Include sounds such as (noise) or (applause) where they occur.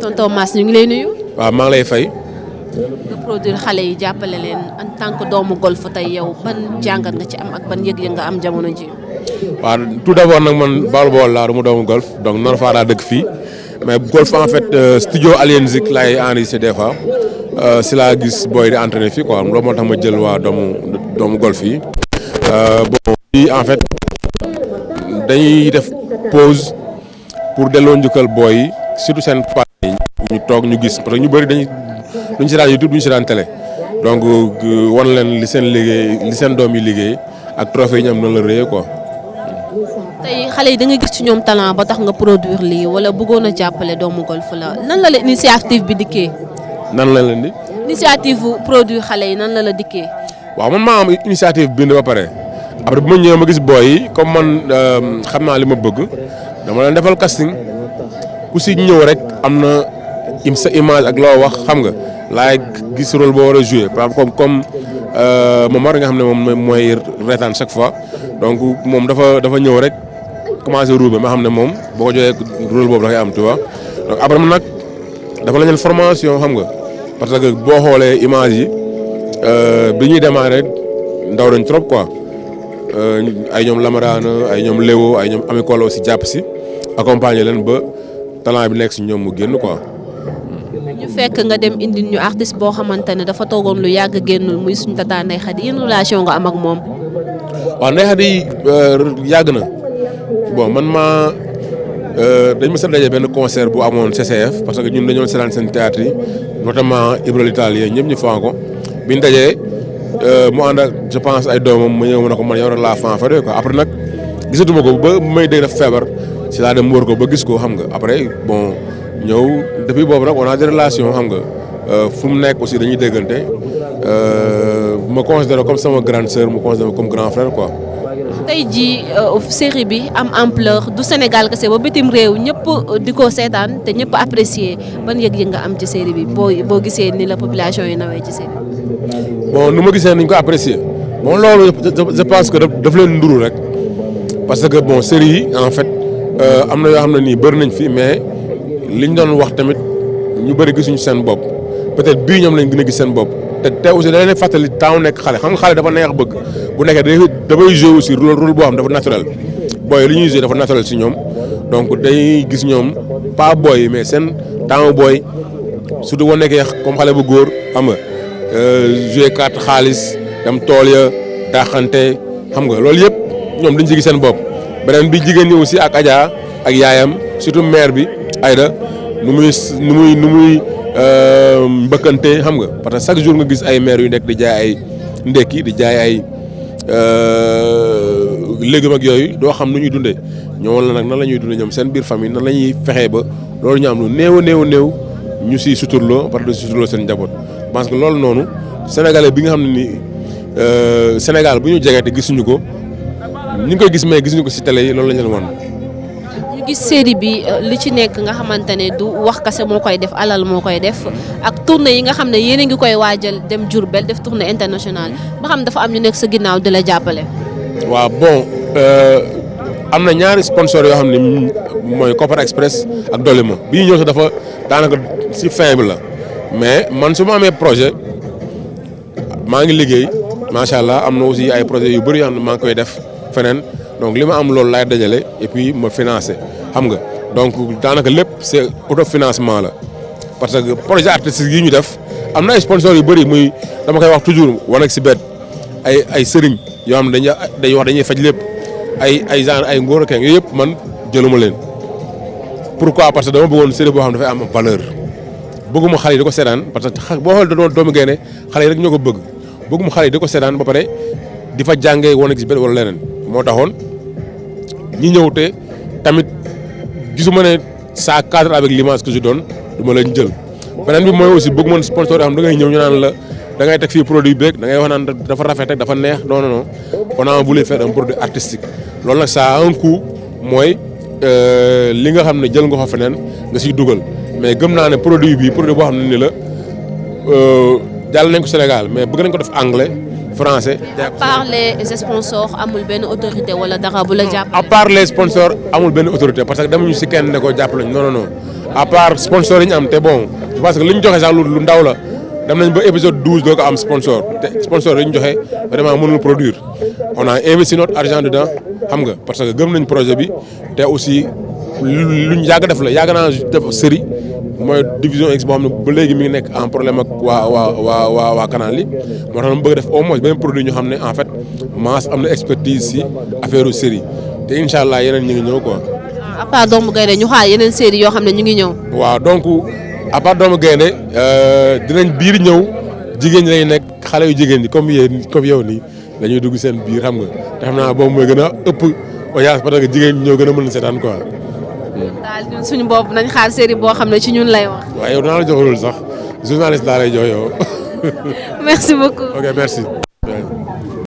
tonton Mass ñu ngi lay nuyu. waaw maa ngi lay fay. nga produire xale yi jàppale leen en tant que doomu golf tey yow ban jàngat nga ci am ak ban yëg-yëg nga am jamono ji. waaw tout d'abord nag man ba Baol laa du mu doomu golf donc Nord Fara dëkk fii mais golf en fait euh, studio Alien Zik laay enregistré des fois euh, si laa gis booy di entraîné fii quoi loolu moo tax ma jël waa doomu doomu golf yi. Euh, bon fii en fait dañuy def pause pour delloo njukkal booy yi surtout seen. toog ñu gis parce que ñu bëri dañu duñ si daan YouTube duñ télé donc euh, wan leen li seen liggéey seen doom yi liggéey ak trophée yi ñu am noonu la rëy quoi. tey xale yi da gis ci ñoom talent ba tax nga produire lii wala bëggoon a jàppale doomu golf la nan la la initiative bi dikkee. nan la leen di. initiative produire xale yi nan la la dikkee. waaw man maa am bi bind ba pare après bu ma ñëwee a gis booy yi comme man euh, xam naa li ma bëgg dama leen defal casting ku si ñëw rek im image ak loo wax xam nga laay gis rôle boo war a joué par exemple comme euh, Momar nga xam ne moom mooy reetaan chaque fois donc moom dafa dafa ñëw rek commencé ruube ma xam ne moom boo ko joxee rôle boobu dafay am tu vois donc nag dafa la leen formation xam nga parce que boo xoolee image yi euh, bi ñuy rek ndaw dañ trop quoi euh, ay ñoom Lamarana ay ñoom Léo ay ñoom Ami si jàpp si accompagner leen ba talent bi nekk si ñoom mu génn quoi. ñu fekk nga dem indi ñu artiste boo xamante ne dafa toogoon lu yàgg génnul muy suñu tata Ndeye Khady yéen relation nga am moom. waaw Ndeye Khady euh, yàgg na bon man maa euh, dañ ma sa daje benn concert bu amoon CCF parce que ñun dañoo seetaan seen théâtre yi notamment Ibrahima ñëpp ñu faa ko biñ dajee euh, mu ànd ak je pense ay doomam mu ñëw ma ne ko ma yow rek laa fan quoi après nag gisatuma ko ba may dégg def feebar si laa dem wër ko ba gis ko xam nga après bon. ñëw depuis boobu rek on a des relations xam nga euh, fu mu nekk aussi dañuy déggante euh, ma considéré comme sama grande sœur mu considéré comme grand frère quoi. tey jii euh, série bi am ampleur du Sénégal kese ba bitim réew ñëpp di ko seetaan te ñëpp apprécier ban yëg-yëg nga am ci série bi boo boo gisee ni la population yi nawee ci série bon nu ma gisee ni ñu ko apprécier bon loolu je pense que daf leen nduru rek parce que bon série yi en fait am na yoo xam ne nii bëri nañ fi mais. liñ doon wax tamit ñu bëri gisuñu seen bopp peut-être bii ñoom lañ gën a gis seen bopp te te aussi da leen fàttali temps nekk xale xam nga xale dafa neex bëgg bu nekkee day dafay jouer aussi rôle boo xam dafa naturel booy li ñuy jouer dafa si ñoom donc day gis ñoom pas yi mais seen temps booy surtout boo nekkee comme xale bu góor xam nga euh, jouer carte xaalis dem tool ya daaxante xam nga loolu yëpp ñoom dañ ci gis seen bopp beneen bi jigéen ñi aussi ak Adja ak yaayam surtout mère bi ayda nu muy nu muy nu euh, muy mbëkkante xam nga parce que chaque jour nga gis ay maire yu nekk di jaay ay ndekki di jaay ay euh, légumes ak yooyu doo xam nu ñuy dundee ñoom la nag nan ñuy dundee ñoom seen biir famille nan la ñuy fexee ba loolu ñu am lu néew a néew ñu si suturloo parce que suturloo seen njaboot parce que loolu noonu sénégalais bi nga xam ne ni euh, Sénégal bu ñu jege te gisuñu ko ñu ngi koy gis mais gisuñu ko si télé yi loolu la ñu leen wan. gis série bi euh, li ci nekk nga xamante ne du wax kase moo koy def alal moo koy def ak tournée yi nga xam ne yéen a ngi koy waajal dem jur Diourbel def tournée international ba xam dafa am ñu nekk sa ginnaaw di jàppale. waaw bon euh, am na ñaari sponsor yoo xam ne mooy Copper Express ak Dolima bi ñu dafa daanaka si fin bi la mais man su ma amee projet maa ngi liggéey macha allah am na aussi ay projets yu bëri yoo xam ne maa ngi koy def feneen donc li ma am loolu laay dajale et puis ma financé. xam nga donc daanaka lépp c'est financement la parce que projet artistique yi ñu def am na ay sponsors yu bëri muy dama koy wax toujours wan ak si bet ay ay sëriñ yoo xam dañuy dañuy wax dañuy faj lépp ay ay genre ay ngóor ak yooyu yëpp man jëluma leen pour pourquoi parce que dama bëggoon série boo xam dafay am valeur bëgguma xale yi di ko seetaan parce que boo xoolee doon doomu gaynde rek ñoo ko bëgg bëgguma xale yi di ko seetaan ba pare di fa jàngee wan ak si bet wala leneen moo taxoon ñi ñëw tamit ma ne ça cadre avec l'image que je donne du ma leen jël beneen bi mooy aussi bëgg moon sponsor yoo xam da ngay ñëw ñu naan la da ngay teg fii produit beeg da ngay wax naan dafa rafet ak dafa neex non non non on a voulu faire un produit artistique loolu nag saa a un coût mooy euh, li nga xam ne jël nga ko feneen nga siy dugal mais gëm naa ne produit bi produit boo xam ne nii la euh, jàll nañ ko Sénégal mais bëgg nañ ko def anglais français. à part les amul benn autorité wala dara bu la jàppale. à part les sponsors amul benn autorité parce que demuñu si kenn ne ko jàppale ñu non non non à part sponsor yi ñu am te bon parce que li ñu joxe sax lu ndaw la dem nañ ba épisode douze am sponsor te sponsor yi ñu joxe vraiment mënul produire on a investi notre argent dedans xam ga parce que gëm nañ projet bi te aussi ñu yàgg def la yàgg naa def mooy division X boo xam ba léegi mi ngi nekk en problème ak waa waa waa waa waa canal li moo tax mu bëgg def au moins benn produit ñu xam ne en fait Mass am na expertise si affaire série te incha allah yeneen ñu ngi ñëw quoi. à part doomu gaynde ñu xaar yeneen série yoo xam ne ñu ngi ñëw. waaw donc à part doomu gaynde euh, dinañ biir ñëw jigéen ñi lay nekk xale yu jigéen ñi comme yéen comme yow nii dañuy dugg seen biir xam nga te xam naa boobu mooy gën a ëpp audience parce que jigéen ñi ñoo gën a mën a seetaan quoi. daal ñun suñu bopp nañ xaar série boo xam ne ci ñun lay wax. waaw yow naa la joxulul sax journaliste laa lay jox yow. (laughs) merci beaucoup ok